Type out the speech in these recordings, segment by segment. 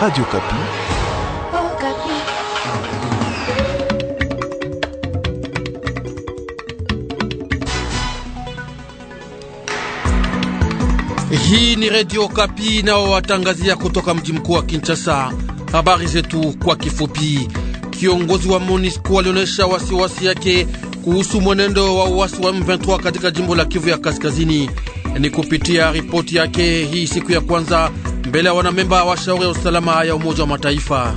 Radio Kapi. Oh, Kapi. Hii ni Radio Kapi nao watangazia kutoka mji mkuu wa Kinshasa. Habari zetu kwa kifupi. Kiongozi wa MONUSCO alionyesha wasiwasi yake kuhusu mwenendo wa uasi wa M23 katika jimbo la Kivu ya Kaskazini. Ni kupitia ripoti yake hii siku ya kwanza mbele ya wanamemba wa shauri ya usalama ya Umoja wa Mataifa.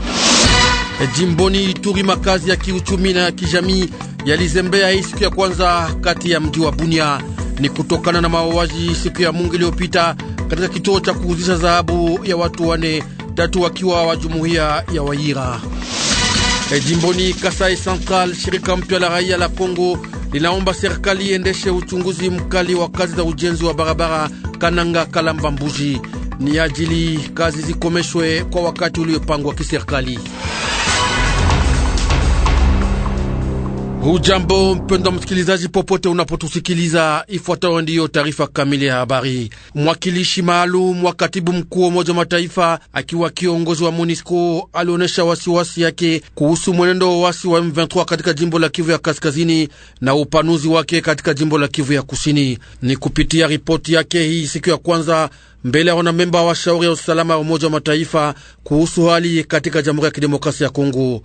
Jimboni Ituri, makazi ya kiuchumi na ya kijamii yalizembea hii siku ya kwanza kati ya mji wa Bunia. Ni kutokana na mauaji siku ya Mungu iliyopita katika kituo cha kuuzisha dhahabu ya watu wane, tatu wakiwa wa jumuiya ya Waira. E, jimboni Kasai Central, shirika mpya la raia la Kongo linaomba serikali iendeshe uchunguzi mkali wa kazi za ujenzi wa barabara Kananga Kalamba Mbuji ni ajili kazi zikomeshwe kwa wakati uliopangwa kiserikali. Hujambo mpendwa msikilizaji, popote unapotusikiliza, ifuatayo ndiyo taarifa kamili ya habari. Mwakilishi maalum wa katibu mkuu wa Umoja wa Mataifa akiwa kiongozi wa MONUSCO alionyesha wasiwasi yake kuhusu mwenendo wa wasi wa M23 katika jimbo la Kivu ya kaskazini na upanuzi wake katika jimbo la Kivu ya kusini. Ni kupitia ripoti yake hii siku ya kwanza mbele ya wanamemba wa shauri ya usalama ya Umoja wa Mataifa kuhusu hali katika Jamhuri ya Kidemokrasia ya Kongo.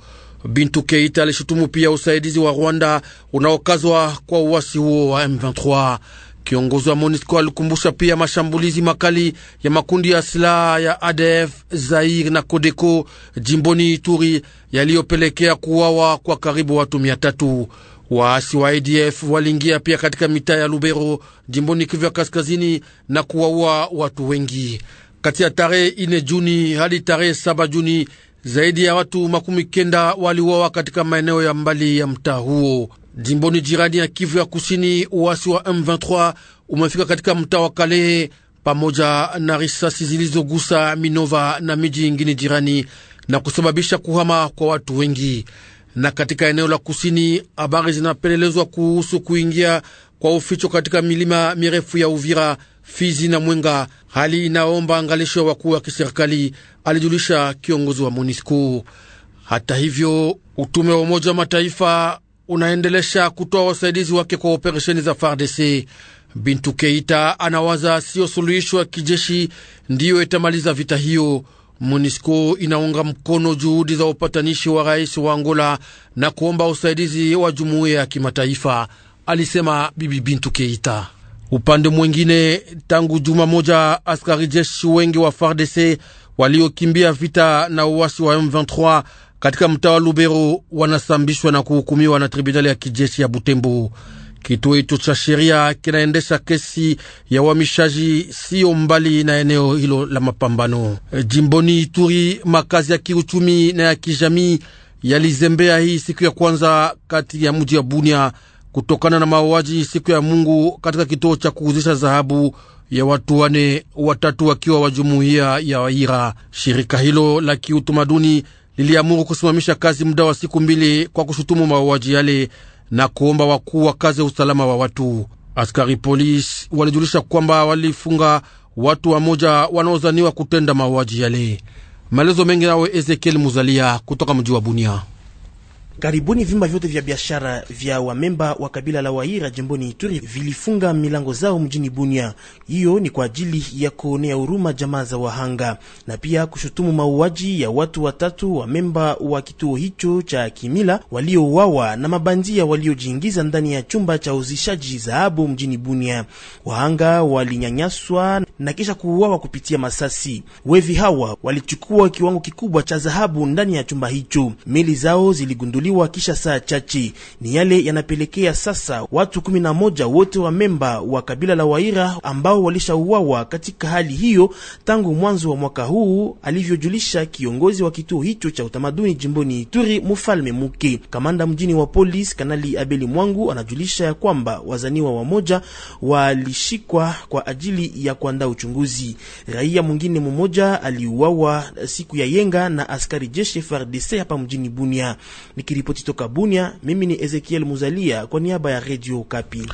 Bintu Keita alishutumu pia usaidizi wa Rwanda unaokazwa kwa uasi huo wa M23. Kiongozi wa MONUSCO alikumbusha pia mashambulizi makali ya makundi ya silaha ya ADF, Zair na Kodeko jimboni Ituri yaliyopelekea kuwawa kwa karibu watu mia tatu. Waasi wa ADF waliingia pia katika mitaa ya Lubero jimboni Kivu ya kaskazini na kuwaua watu wengi kati ya tarehe 4 Juni hadi tarehe 7 Juni. Zaidi ya watu makumi kenda waliuawa katika maeneo ya mbali ya mtaa huo. Jimboni jirani ya Kivu ya Kusini, uasi wa M23 umefika katika mtaa wa Kale pamoja na risasi zilizogusa Minova na miji ingine jirani na kusababisha kuhama kwa watu wengi. Na katika eneo la kusini, habari zinapelelezwa kuhusu kuingia kwa uficho katika milima mirefu ya Uvira Fizi na Mwenga, hali inaomba angalisho ya wakuu wa kiserikali, alijulisha kiongozi wa MONUSCO. Hata hivyo, utume wa Umoja wa Mataifa unaendelesha kutoa wasaidizi wake kwa operesheni za FARDC. Bintu Keita anawaza siyo suluhisho ya kijeshi ndiyo itamaliza vita hiyo. MONUSCO inaunga mkono juhudi za upatanishi wa rais wa Angola na kuomba usaidizi wa jumuiya ya kimataifa, alisema Bibi Bintu Keita. Upande mwingine, tangu juma moja askari jeshi wengi wa FARDC waliokimbia vita na uwasi wa M23 katika mtaa wa Lubero wanasambishwa na kuhukumiwa na tribunali ya kijeshi ya Butembo. Kituo hicho cha sheria kinaendesha kesi ya uhamishaji siyo mbali na eneo hilo la mapambano. Jimboni Ituri, makazi ya kiuchumi na ya kijamii yalizembea hii siku ya kwanza kati ya mji wa Bunia kutokana na mauaji siku ya Mungu katika kituo cha kuuzisha dhahabu ya watu wane, watatu wakiwa wa jumuiya ya Waira. Shirika hilo la kiutamaduni liliamuru kusimamisha kazi muda wa siku mbili kwa kushutumu mauaji yale na kuomba wakuu wa kazi ya usalama wa watu. Askari polisi walijulisha kwamba walifunga watu wamoja wanaozaniwa kutenda mauaji yale. Maelezo mengi nawe Ezekiel Muzalia kutoka mji wa Bunia. Karibuni vyumba vyote vya biashara vya wamemba wa kabila la Waira jimboni Ituri vilifunga milango zao mjini Bunia. Hiyo ni kwa ajili ya kuonea huruma jamaa za wahanga na pia kushutumu mauaji ya watu watatu wamemba wa kituo hicho cha kimila waliouawa na mabandia waliojiingiza ndani ya chumba cha uzishaji dhahabu mjini Bunia. Wahanga walinyanyaswa na kisha kuuawa kupitia masasi. Wevi hawa walichukua kiwango kikubwa cha dhahabu ndani ya chumba hicho. Meli zao ziligundulika kugunduliwa kisha saa chache. Ni yale yanapelekea sasa watu kumi na moja wote wa memba wa kabila la Waira ambao walishauawa katika hali hiyo tangu mwanzo wa mwaka huu, alivyojulisha kiongozi wa kituo hicho cha utamaduni jimboni Ituri, Mfalme Muke. Kamanda mjini wa polisi Kanali Abeli Mwangu anajulisha ya kwamba wazaniwa wamoja walishikwa kwa ajili ya kuandaa uchunguzi. Raia mwingine mmoja aliuawa siku ya yenga na askari jeshi FARDC hapa mjini Bunia. Niki Nikiripoti toka Bunia, mimi ni Ezekiel Muzalia kwa niaba ya Radio Kapi.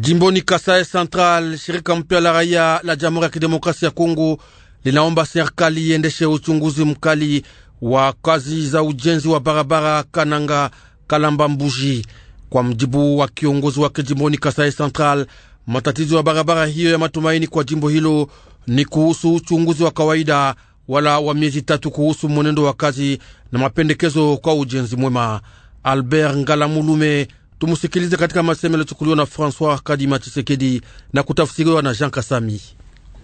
Jimboni Kasai Central, shirika mpya la raia la Jamhuri ya Kidemokrasia ya Kongo linaomba serikali iendeshe uchunguzi mkali wa kazi za ujenzi wa barabara Kananga Kalamba Mbuji. Kwa mjibu wa kiongozi wake jimboni Kasai Central, matatizo ya barabara hiyo ya matumaini kwa jimbo hilo ni kuhusu uchunguzi wa kawaida wala wa miezi tatu kuhusu mwenendo wa kazi na mapendekezo kwa ujenzi mwema. Albert Ngalamulume, tumusikilize katika masemo yaliyochukuliwa na François Kadima Chisekedi na kutafsiriwa na Jean Kasami.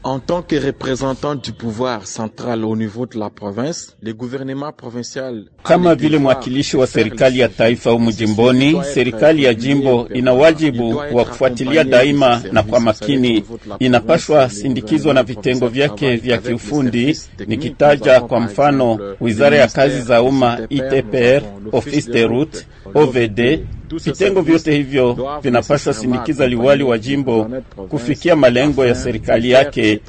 En tant que représentant du pouvoir central au niveau de la province, le gouvernement provincial kama vile mwakilishi wa serikali ya taifa humu jimboni, serikali ya jimbo ina wajibu wa kufuatilia daima na kwa makini. Inapaswa sindikizwa na vitengo vyake vya kiufundi, nikitaja kwa mfano wizara ya kazi za umma ITPR, office de route, OVD Vitengo vyote hivyo vinapaswa sindikiza liwali wa jimbo kufikia malengo ya serikali yake,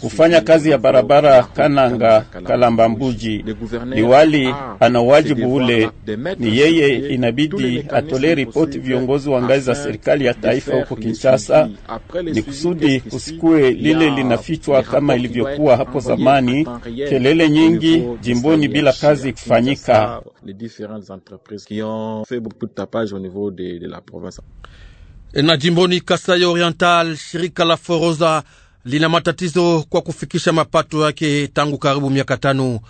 kufanya kazi ya barabara Kananga Kalamba Mbuji. Liwali ana wajibu ule, ni yeye inabidi atolee ripoti viongozi wa ngazi za serikali ya taifa huko Kinshasa, ni kusudi kusikue lile linafichwa kama ilivyokuwa hapo zamani, kelele nyingi jimboni bila kazi kufanyika au niveau de, de la province. Na jimboni Kasai Oriental, shirika la Foroza lina matatizo kwa kufikisha mapato yake tangu karibu miaka tano.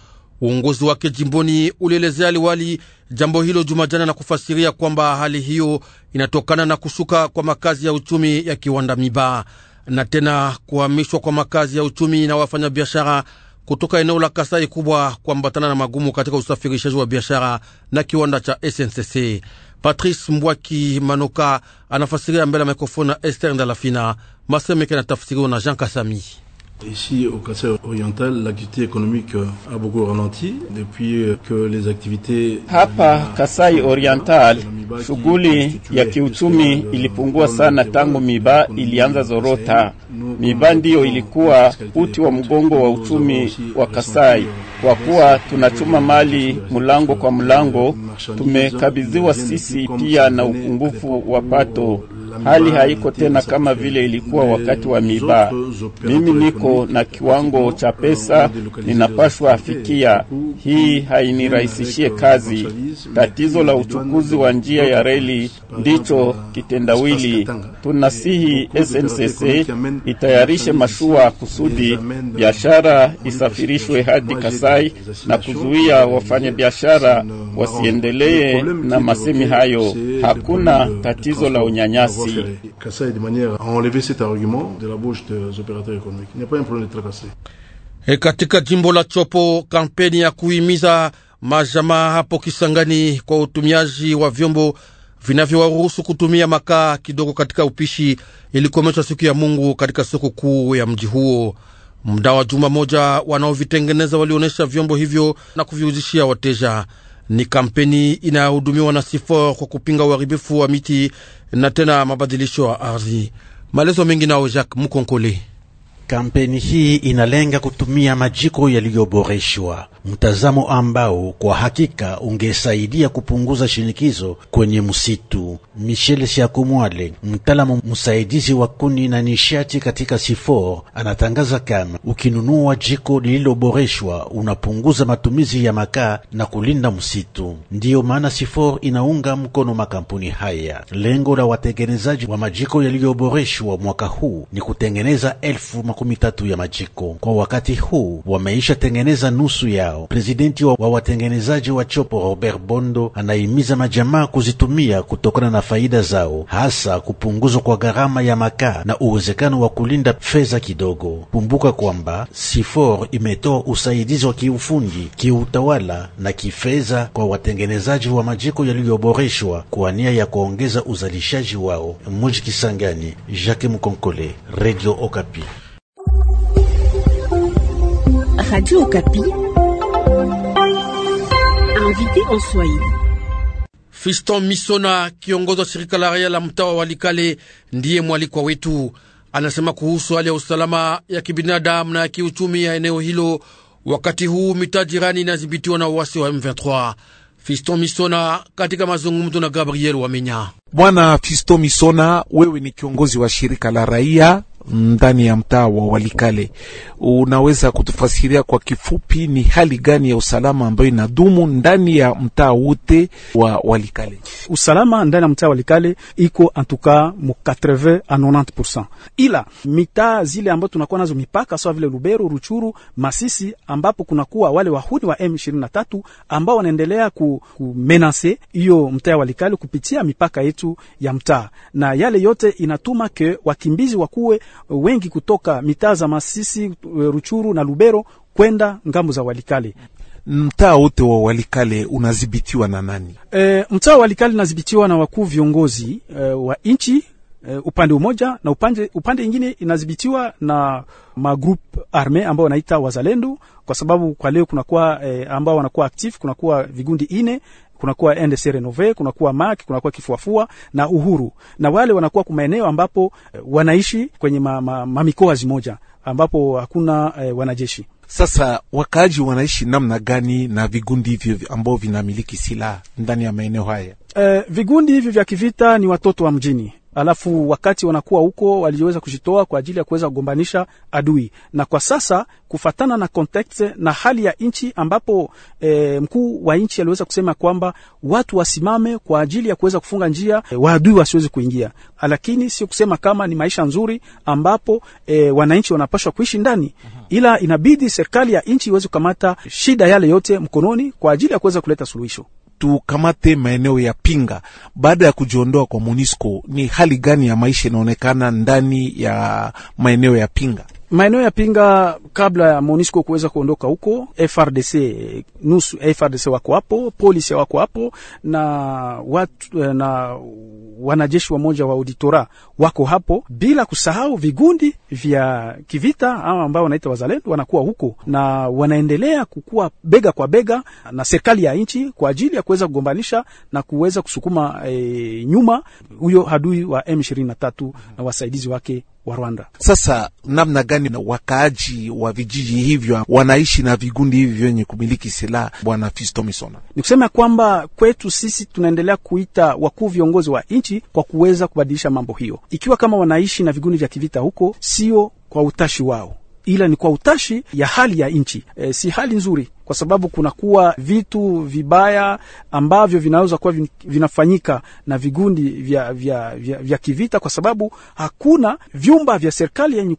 Uongozi wake jimboni ulielezea liwali jambo hilo Jumajana na kufasiria kwamba hali hiyo inatokana na kushuka kwa makazi ya uchumi ya kiwanda Miba na tena kuhamishwa kwa makazi ya uchumi na wafanyabiashara kutoka eneo la Kasai kubwa kuambatana na magumu katika usafirishaji wa biashara na kiwanda cha SNCC. Patrice Mbwaki Manoka anafasiria mbele ya mikrofoni Esther Ndalafina. Masemeke na tafsiriwa na Jean Kasami. Ici, au Kassai Oriental, l'activité économique euh, a beaucoup ralenti depuis euh, que les activités... Hapa Kasai Oriental, shughuli ya kiuchumi ilipungua sana tangu miba ilianza zorota. Miba ndiyo ilikuwa uti wa mgongo wa uchumi wa Kasai, euh, kwa kuwa tunachuma mali mlango kwa mlango. Tumekabidhiwa sisi pia na upungufu wa pato hali haiko tena kama vile ilikuwa wakati wa mibaa. Mimi niko na kiwango cha eh, pesa ninapashwa afikia, hii eh, hainirahisishie kazi. Tatizo la uchukuzi wa njia ya reli ndicho kitendawili. Eh, Tunasihi SNCC itayarishe mashua kusudi biashara isafirishwe hadi Kasai na kuzuia wafanyabiashara wasiendelee na masemi hayo. Hakuna tatizo la unyanyasi. Ferré. Kassai, de manière à enlever cet argument de la bouche des opérateurs économiques. Il n'y a pas un problème de tracasser. Et katika jimbo la Chopo, kampeni ya kuhimiza majama hapo Kisangani kwa utumiaji wa vyombo vinavyowaruhusu kutumia makaa kidogo katika upishi ilikomeshwa siku ya Mungu katika soko kuu ya mji huo. Mda wa juma moja, wanaovitengeneza walionyesha vyombo hivyo na kuviuzishia wateja. Ni kampeni inayohudumiwa na Sifor kwa kupinga uharibifu wa miti na tena mabadilisho ya ardhi. Maelezo mengi nao Jacques Mukonkole. Kampeni hii inalenga kutumia majiko yaliyoboreshwa, mtazamo ambao kwa hakika ungesaidia kupunguza shinikizo kwenye msitu. Michel Siakumwale, mtaalamu msaidizi wa kuni na nishati katika Sifor, anatangaza kama ukinunua jiko lililoboreshwa unapunguza matumizi ya makaa na kulinda msitu. Ndiyo maana Sifor inaunga mkono makampuni haya. Lengo la watengenezaji wa majiko yaliyoboreshwa mwaka huu ni kutengeneza elfu makumi tatu ya majiko kwa wakati huu wameisha tengeneza nusu yao. Prezidenti wa watengenezaji wa chopo Robert Bondo anahimiza majamaa kuzitumia kutokana na faida zao, hasa kupunguzwa kwa gharama ya makaa na uwezekano wa kulinda fedha kidogo. Kumbuka kwamba Sifor imetoa usaidizi wa kiufundi, kiutawala na kifedha kwa watengenezaji wa majiko yaliyoboreshwa kwa nia ya kuongeza uzalishaji wao. Muji Kisangani, Jacques Mkonkole, Radio Okapi. Radio Okapi. Invité en Swahili. Fiston Misona, kiongozi wa shirika la raia la mtawa Walikale, ndiye mwalikwa wetu. Anasema kuhusu hali ya usalama ya kibinadamu na ya kiuchumi ya eneo hilo, wakati huu mitaa jirani inadhibitiwa na uasi wa M23. Fiston Misona katika mazungumzo na Gabriel Wamenya. Bwana Fisto Misona, wewe ni kiongozi wa shirika la raia ndani ya mtaa wa Walikale, unaweza kutufasiria kwa kifupi ni hali gani ya usalama ambayo inadumu ndani ya mtaa wote wa Walikale? Usalama ndani ya mtaa wa Walikale iko antuka mu 80 a 90%, ila mitaa zile ambazo tunakuwa nazo mipaka sawa vile Lubero, Ruchuru, Masisi, ambapo kunakuwa wale wahuni wa M23 ambao wanaendelea kumenase hiyo mtaa wa Walikale kupitia mipaka yetu yetu ya mtaa, na yale yote inatuma ke wakimbizi wakuwe wengi kutoka mitaa za Masisi, eh, Ruchuru na Lubero kwenda ngambo za Walikale. Mtaa wote wa Walikale unadhibitiwa na nani? E, mtaa wa Walikale unadhibitiwa na wakuu viongozi e, wa nchi e, upande umoja na upande, upande ingine inadhibitiwa na magroup arme ambao wanaita wazalendo, kwa sababu kwa leo kunakuwa e, ambao wanakuwa active, kunakuwa vigundi ine kunakuwa NDC Renove, kunakuwa MAK, kunakuwa kifuafua na Uhuru, na wale wanakuwa ku maeneo ambapo eh, wanaishi kwenye mamikoa ma, ma zimoja ambapo hakuna eh, wanajeshi. Sasa wakaaji wanaishi namna gani na vigundi hivyo ambao vinamiliki silaha ndani ya maeneo haya? Eh, vigundi hivyo vya kivita ni watoto wa mjini alafu wakati wanakuwa huko waliweza kujitoa kwa ajili ya kuweza kugombanisha adui. Na kwa sasa kufatana na context na hali ya nchi ambapo e, mkuu wa nchi aliweza kusema kwamba watu wasimame kwa ajili ya kuweza kufunga njia e, eh, waadui wasiweze kuingia, lakini sio kusema kama ni maisha nzuri ambapo e, wananchi wanapaswa kuishi ndani, ila inabidi serikali ya nchi iweze kukamata shida yale yote mkononi kwa ajili ya kuweza kuleta suluhisho tukamate maeneo ya Pinga baada ya kujiondoa kwa MONUSCO, ni hali gani ya maisha inaonekana ndani ya maeneo ya Pinga? maeneo ya Pinga kabla ya Monisco kuweza kuondoka huko, FRDC nusu FRDC wako hapo, polisi wako hapo na watu na wanajeshi wamoja wa auditora wako hapo, bila kusahau vigundi vya kivita ama ambao wanaita wazalendo wanakuwa huko na wanaendelea kukua bega kwa bega na serikali ya nchi kwa ajili ya kuweza kugombanisha na kuweza kusukuma e, nyuma huyo adui wa M23 na wasaidizi wake wa Rwanda. Sasa namna gani na wakaaji wa vijiji hivyo wanaishi na vigundi hivi vyenye kumiliki silaha? Bwana Misona? ni kusema kwamba kwetu sisi tunaendelea kuita wakuu viongozi wa nchi kwa kuweza kubadilisha mambo hiyo, ikiwa kama wanaishi na vigundi vya kivita huko, sio kwa utashi wao ila ni kwa utashi ya hali ya nchi. E, si hali nzuri kwa sababu kunakuwa vitu vibaya ambavyo vinaweza kuwa vinafanyika na vigundi vya, vya, vya, vya kivita, kwa sababu hakuna vyumba vya serikali yenye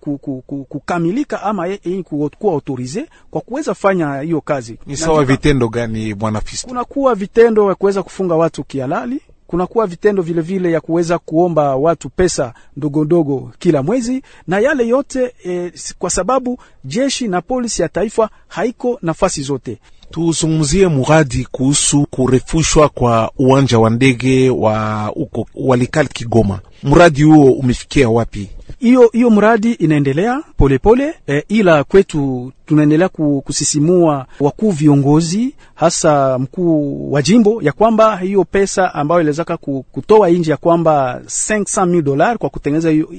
kukamilika ama yenye kuwa autorize kwa kuweza fanya hiyo kazi. Ni sawa vitendo gani bwana Fisto? Kunakuwa vitendo vya kuweza kufunga watu kialali kunakuwa vitendo vilevile vile ya kuweza kuomba watu pesa ndogo ndogo kila mwezi, na yale yote e, kwa sababu jeshi na polisi ya taifa haiko nafasi zote. Tuzungumzie muradi kuhusu kurefushwa kwa uwanja wa ndege wa uko Walikali Kigoma mradi huo umefikia wapi? Hiyo hiyo mradi inaendelea polepole pole, E, ila kwetu tunaendelea kusisimua wakuu viongozi, hasa mkuu wa jimbo ya kwamba hiyo pesa ambayo iliwezaka kutoa nje ya kwamba 500,000 dola kwa kutengeneza hiyo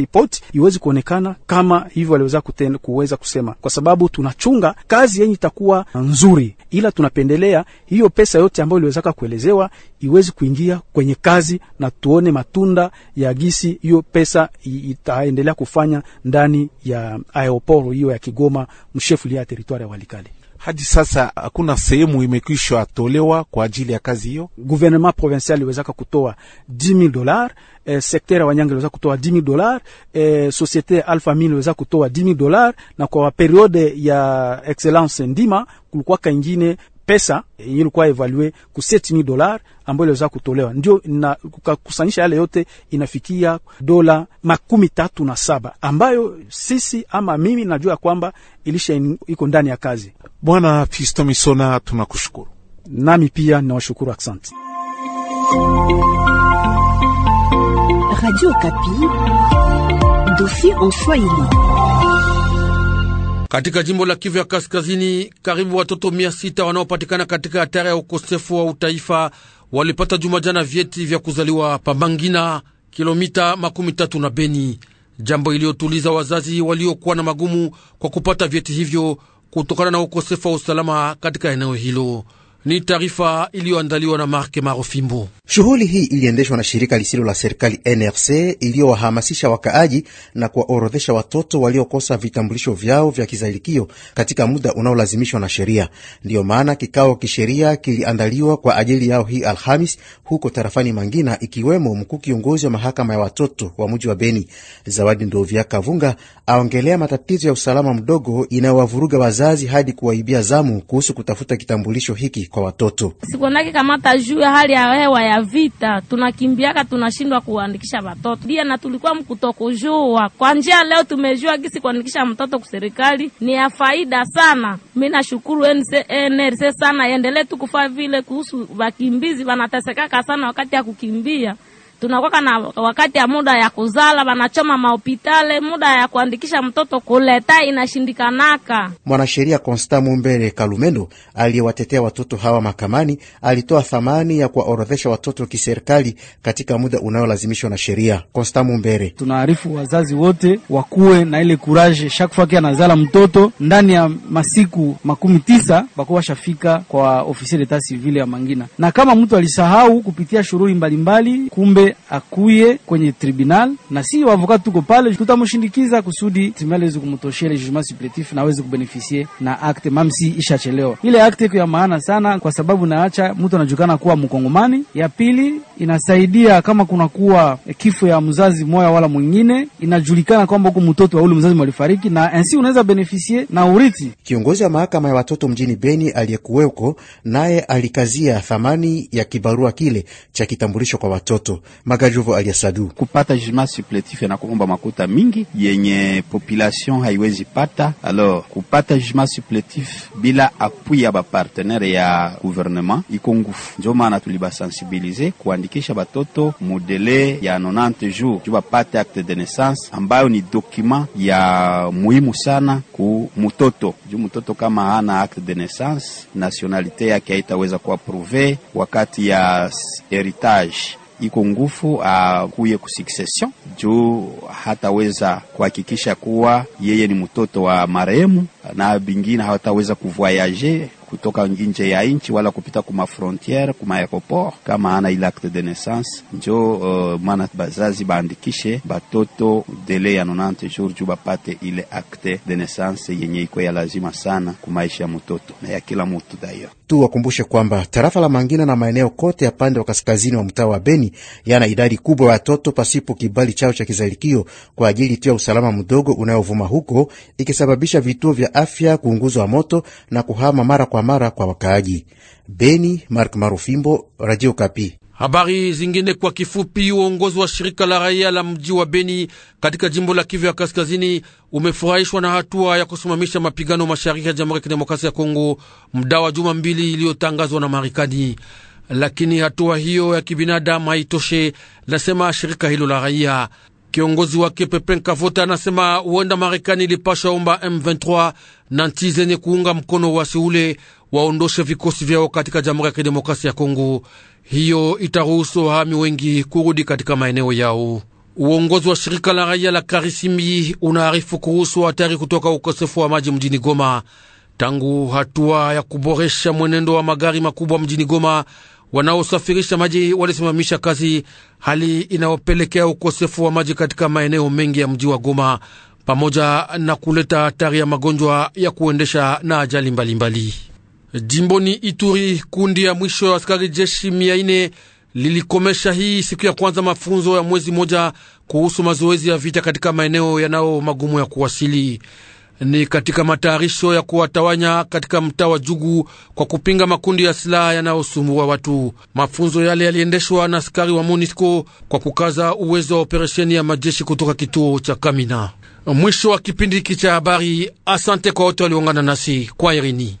iPod iwezi kuonekana kama hivyo aliweza kuweza kusema, kwa sababu tunachunga kazi yenye itakuwa nzuri, ila tunapendelea hiyo pesa yote ambayo iliwezaka kuelezewa iwezi kuingia kwenye kazi na tuone matunda ya gisi hiyo pesa itaendelea kufanya ndani ya aeroporo hiyo ya Kigoma mshefulia ya teritwari ya Walikale. Hadi sasa hakuna sehemu imekwisha tolewa kwa ajili ya kazi hiyo. Gouvernement provincial iwezaka kutoa 10000 dollars eh, sekter ya wanyange liweza kutoa 10000 dollars eh, societe Alpha Mil iliweza kutoa 10000 dollars na kwa periode ya excellence Ndima kulikuwa kaingine pesa ilikuwa evalue ku 7000 dollar ambayo iliweza kutolewa, ndio na kukakusanisha yale yote inafikia dola makumi tatu na saba ambayo sisi ama mimi najua ya kwamba ilisha iko ndani ya kazi. Bwana Fisto Misona, tunakushukuru. Nami pia ninawashukuru, asante. Radio Kapi, dofi en Swahili. Katika jimbo la Kivu ya Kaskazini, karibu watoto mia sita wanaopatikana katika hatari ya ukosefu wa utaifa walipata jumajana vyeti vya kuzaliwa Pambangina, kilomita makumi tatu na Beni, jambo iliyotuliza wazazi waliokuwa na magumu kwa kupata vyeti hivyo kutokana na ukosefu wa usalama katika eneo hilo. Ni taarifa iliyoandaliwa na Marke Marofimbo. Shughuli hii iliendeshwa na shirika lisilo la serikali NRC iliyowahamasisha wakaaji na kuwaorodhesha watoto waliokosa vitambulisho vyao vya kizalikio katika muda unaolazimishwa na sheria. Ndiyo maana kikao kisheria kiliandaliwa kwa ajili yao hii Alhamis huko tarafani Mangina, ikiwemo mkuu kiongozi wa mahakama ya watoto wa muji wa Beni. Zawadi Ndovya Kavunga aongelea matatizo ya usalama mdogo inayowavuruga wazazi hadi kuwaibia zamu kuhusu kutafuta kitambulisho hiki kwa watoto. Sikonake kama juu hali ya hewa ya vita, tunakimbiaka tunashindwa kuandikisha watoto dia, na tulikuwa mkutokujua kwa njia. Leo tumejua gisi kuandikisha mtoto kuserikali ni ya faida sana. Mi nashukuru NRC sana, endelee tukufa vile kuhusu wakimbizi wanatesekaka sana wakati ya kukimbia tunakwaka na wakati ya muda ya kuzala, wanachoma mahopitale, muda ya kuandikisha mtoto kuleta inashindikanaka. Mwanasheria konsta Mumbere Kalumendo aliyewatetea watoto hawa mahakamani alitoa thamani ya kuwaorodhesha watoto kiserikali katika muda unayolazimishwa na sheria. Konsta Mumbere: tunaarifu wazazi wote wakuwe na ile kuraje chaque anazala mtoto ndani ya masiku makumi tisa bakuwa shafika kwa ofisi leta sivile ya Mangina, na kama mtu alisahau kupitia shughuli mbalimbali, kumbe akuye kwenye tribunal, na si wavokati tuko pale, tutamshindikiza kusudi tribunal iweze le jugement supplétif na aweze kubenefisie na akte mamsi ishachelewa. Ile acte iko ya maana sana, kwa sababu naacha mtu anajukana kuwa Mkongomani. Ya pili inasaidia kama kunakuwa kifo ya mzazi moya wala mwingine, inajulikana kwamba huko mtoto wa ule mzazi walifariki, na ansi unaweza benefisie na urithi. Kiongozi wa mahakama ya watoto mjini Beni aliyekuweko naye alikazia thamani ya kibarua kile cha kitambulisho kwa watoto magajuvo aliasadu kupata jugement suppletif na kuomba makuta mingi yenye population haiwezi pata. Alors kupata jugement suppletif bila appui ya bapartenere ya gouvernement iko ngufu, ndio maana tulibasensibilize kwa kuandikisha batoto mudele ya 90 jours juu bapate acte de naissance, ambayo ni dokima ya muhimu sana ku mutoto, juu mutoto kama hana acte de naissance, nationalité yake haitaweza kuapruve wakati ya heritage iko ngufu akuye ah, ku succession juu hataweza kuhakikisha kuwa yeye ni mtoto wa marehemu, na bingine hataweza kuvoyager kutoka nje ya nchi wala kupita kuma frontiere kuma aeroport kama ana ile acte de naissance njo uh, mwana bazazi baandikishe batoto dele ya 90 jour juu bapate ile acte de naissance yenye iko ya lazima sana kumaisha ya mtoto na ya kila mutu dayo tu wakumbushe kwamba tarafa la Mangina na maeneo kote ya pande wa kaskazini wa mtaa wa Beni yana idadi kubwa ya watoto pasipo kibali chao cha kizalikio kwa ajili tu ya usalama mdogo unayovuma huko, ikisababisha vituo vya afya kuunguzwa moto na kuhama mara kwa mara kwa wakaaji. Beni, Mark Marufimbo, Radio Kapi. Habari zingine kwa kifupi. Uongozi wa shirika la raia la mji wa Beni katika jimbo la Kivu ya Kaskazini umefurahishwa na hatua ya kusimamisha mapigano mashariki ya Jamhuri ya Kidemokrasia ya Kongo muda wa juma mbili iliyotangazwa na Marekani, lakini hatua hiyo ya kibinadamu haitoshe, nasema shirika hilo la raia. Kiongozi wake Pepen Kavota anasema huenda Marekani ilipashwa omba M23 na nchi zenye kuunga mkono wasi ule waondoshe vikosi vyao katika Jamhuri ya Kidemokrasia ya Kongo. Hiyo itaruhusu wahami wengi kurudi katika maeneo yao. Uongozi wa shirika la raia la Karisimi unaarifu kuhusu hatari kutoka ukosefu wa maji mjini Goma. Tangu hatua ya kuboresha mwenendo wa magari makubwa mjini Goma wanaosafirisha maji walisimamisha kazi, hali inayopelekea ukosefu wa maji katika maeneo mengi ya mji wa Goma, pamoja na kuleta hatari ya magonjwa ya kuendesha na ajali mbalimbali mbali. Jimboni Ituri, kundi ya mwisho ya askari jeshi mia ine lilikomesha hii siku ya kwanza mafunzo ya mwezi moja kuhusu mazoezi ya vita katika maeneo yanao magumu ya kuwasili. Ni katika matayarisho ya kuwatawanya katika mtaa wa Jugu kwa kupinga makundi ya silaha yanayosumbua watu. Mafunzo yale yaliendeshwa na askari wa MONUSCO kwa kukaza uwezo wa operesheni ya majeshi kutoka kituo cha Kamina. Mwisho wa kipindi hiki cha habari. Asante kwa wote waliungana nasi kwa Irini.